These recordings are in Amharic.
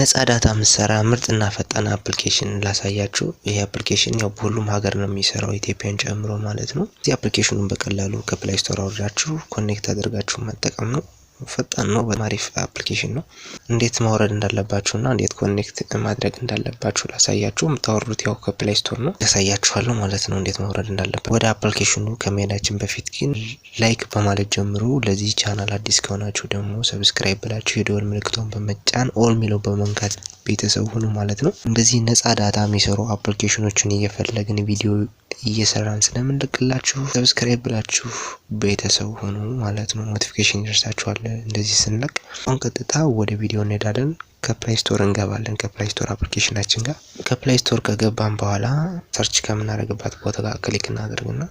ነፃ ዳታ የምትሰራ ምርጥና ፈጣን አፕሊኬሽን ላሳያችሁ። ይህ አፕሊኬሽን ያው በሁሉም ሀገር ነው የሚሰራው ኢትዮጵያን ጨምሮ ማለት ነው። እዚህ አፕሊኬሽኑን በቀላሉ ከፕላይ ስቶር አውርዳችሁ ኮኔክት አድርጋችሁ መጠቀም ነው። ፈጣን ነው። በጣም አሪፍ አፕሊኬሽን ነው። እንዴት ማውረድ እንዳለባችሁ እና እንዴት ኮኔክት ማድረግ እንዳለባችሁ ላሳያችሁ። የምታወርዱት ያው ከፕሌይ ስቶር ነው ያሳያችኋለሁ ማለት ነው፣ እንዴት ማውረድ እንዳለባችሁ። ወደ አፕሊኬሽኑ ከመሄዳችን በፊት ግን ላይክ በማለት ጀምሩ። ለዚህ ቻናል አዲስ ከሆናችሁ ደግሞ ሰብስክራይብ ብላችሁ የደወል ምልክቶን በመጫን ኦል ሚለው በመንካት ቤተሰብ ሁኑ ማለት ነው። እንደዚህ ነጻ ዳታ የሚሰሩ አፕሊኬሽኖችን እየፈለግን ቪዲዮ እየሰራን ስለምንልክላችሁ ሰብስክራይብ ብላችሁ ቤተሰብ ሆኑ ማለት ነው። ኖቲፊኬሽን ይደርሳችኋል እንደዚህ ስንለቅ። አሁን ቀጥታ ወደ ቪዲዮ እንሄዳለን። ከፕላይ ስቶር እንገባለን። ከፕላይ ስቶር አፕሊኬሽናችን ጋር ከፕላይ ስቶር ከገባን በኋላ ሰርች ከምናደርግባት ቦታ ጋር ክሊክ እናደርግና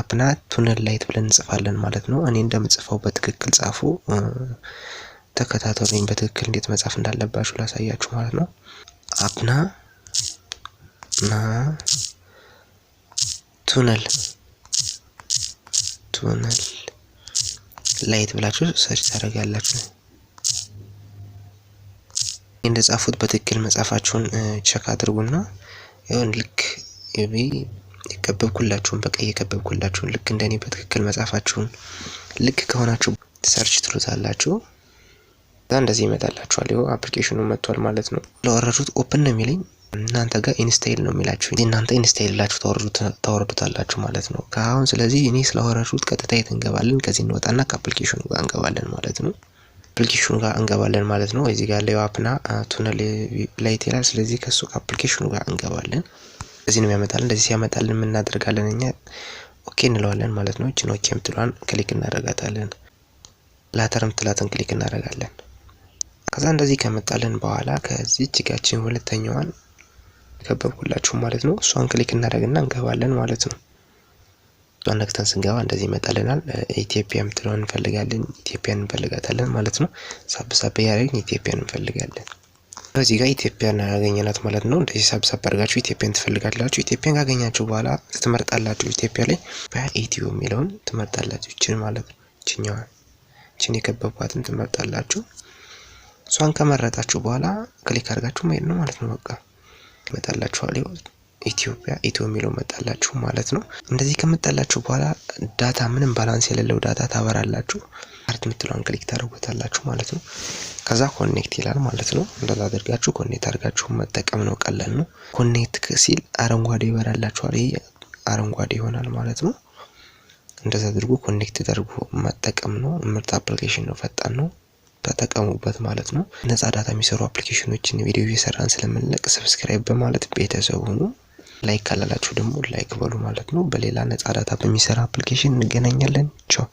አፕና ቱነል ላይት ብለን እንጽፋለን ማለት ነው። እኔ እንደምጽፈው በትክክል ጻፉ፣ ተከታተሉኝ። በትክክል እንዴት መጻፍ እንዳለባችሁ ላሳያችሁ ማለት ነው። አፕና ና ቱነል ቱነል ላይት ብላችሁ ሰርች ታደርጋላችሁ። እንደጻፉት በትክክል መጻፋችሁን ቸክ አድርጉና ይሁን ልክ የከበብኩላችሁን በቀይ የከበብኩላችሁን ልክ እንደኔ በትክክል መጻፋችሁን ልክ ከሆናችሁ ሰርች ትሉታላችሁ። እዛ እንደዚህ ይመጣላችኋል። ይኸው አፕሊኬሽኑ መጥቷል ማለት ነው። ለወረዱት ኦፕን ነው የሚለኝ እናንተ ጋር ኢንስታይል ነው የሚላችሁ እናንተ ኢንስታይል ላችሁ ተወርዱታላችሁ ማለት ነው። ከአሁን ስለዚህ እኔ ስላወረድኩት ቀጥታ የት እንገባለን? ከዚህ እንወጣና ከአፕሊኬሽኑ ጋር እንገባለን ማለት ነው። አፕሊኬሽኑ ጋር እንገባለን ማለት ነው። እዚህ ጋር ሌው ቱነል ላይት ይላል። ስለዚህ ከሱ ከአፕሊኬሽኑ ጋር እንገባለን። እዚህ ነው የሚያመጣልን። እንደዚህ ሲያመጣልን የምናደርጋለን እኛ ኦኬ እንለዋለን ማለት ነው። እችን ኦኬ ምትሏን ክሊክ እናደርጋታለን። ላተር ምትላትን ክሊክ እናደርጋለን። ከዛ እንደዚህ ከመጣልን በኋላ ከዚህ እጅጋችን ሁለተኛዋን የከበብኩላችሁ ማለት ነው። እሷን ክሊክ እናደረግና እንገባለን ማለት ነው። እሷን ነክተን ስንገባ እንደዚህ ይመጣልናል። ኢትዮጵያ የምትለውን እንፈልጋለን፣ ኢትዮጵያን እንፈልጋታለን ማለት ነው። ሳብሳብ ያደረግን ኢትዮጵያን እንፈልጋለን። በዚህ ጋር ኢትዮጵያን ያገኘናት ማለት ነው። እንደዚህ ሳብሳብ አድርጋችሁ ኢትዮጵያን ትፈልጋላችሁ። ኢትዮጵያን ካገኛችሁ በኋላ ትመርጣላችሁ። ኢትዮጵያ ላይ በኢትዮ የሚለውን ትመርጣላችሁ። ይችን ማለት ነው። ይችኛዋን ችን የከበቧትን ትመርጣላችሁ። እሷን ከመረጣችሁ በኋላ ክሊክ አድርጋችሁ መሄድ ነው ማለት ነው በቃ ይመጣላችኋል። ኢትዮጵያ ኢትዮ የሚለው መጣላችሁ ማለት ነው። እንደዚህ ከመጣላችሁ በኋላ ዳታ ምንም ባላንስ የሌለው ዳታ ታበራላችሁ። ካርድ የምትለውን ክሊክ ታደርጉታላችሁ ማለት ነው። ከዛ ኮኔክት ይላል ማለት ነው። እንደዛ አድርጋችሁ ኮኔክት አድርጋችሁ መጠቀም ነው። ቀለል ነው። ኮኔክት ሲል አረንጓዴ ይበራላችኋል። ይሄ አረንጓዴ ይሆናል ማለት ነው። እንደዛ አድርጎ ኮኔክት ተደርጎ መጠቀም ነው። ምርት አፕሊኬሽን ነው። ፈጣን ነው። ተጠቀሙበት ማለት ነው። ነጻ ዳታ የሚሰሩ አፕሊኬሽኖችን ቪዲዮ እየሰራን ስለምንለቅ ሰብስክራይብ በማለት ቤተሰብ ሁኑ። ላይክ ካላላችሁ ደግሞ ላይክ በሉ ማለት ነው። በሌላ ነጻ ዳታ በሚሰራ አፕሊኬሽን እንገናኛለን። ቻው